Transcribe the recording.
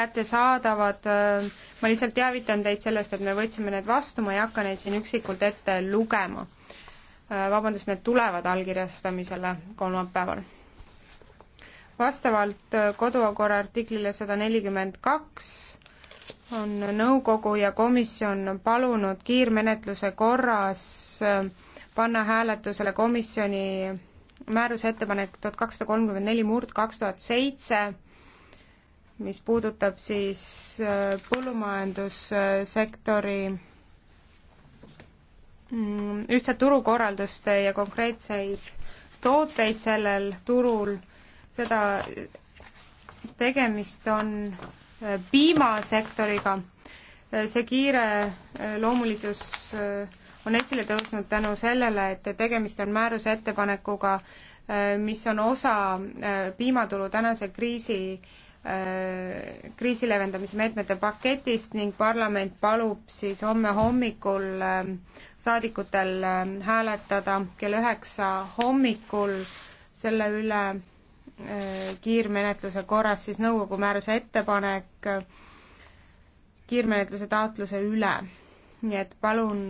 kättesaadavad. Äh, ma lihtsalt teavitan teid sellest, et me võtsime need vastu, ma ei hakka neid siin üksikult ette lugema. Äh, vabandust, need tulevad allkirjastamisele kolmapäeval. vastavalt äh, kodukorra artiklile sada nelikümmend kaks on nõukogu ja komisjon palunud kiirmenetluse korras panna hääletusele komisjoni määruse ettepanek tuhat kakssada kolmkümmend neli murd kaks tuhat seitse mis puudutab siis äh, põllumajandussektori mm, ühtset turukorraldust ja konkreetseid tooteid sellel turul, seda, tegemist on äh, piimasektoriga, äh, see kiire loomulisus on esile tõusnud tänu sellele, et tegemist on määruse ettepanekuga, mis on osa piimaturu tänase kriisi äh, Äh, kriisi leevendamise meetmete paketist ning parlament palub siis homme hommikul äh, saadikutel äh, hääletada kell üheksa hommikul selle üle kiirmenetluse korras siis nõukogu määruse ettepanek kiirmenetluse taotluse üle. nii et palun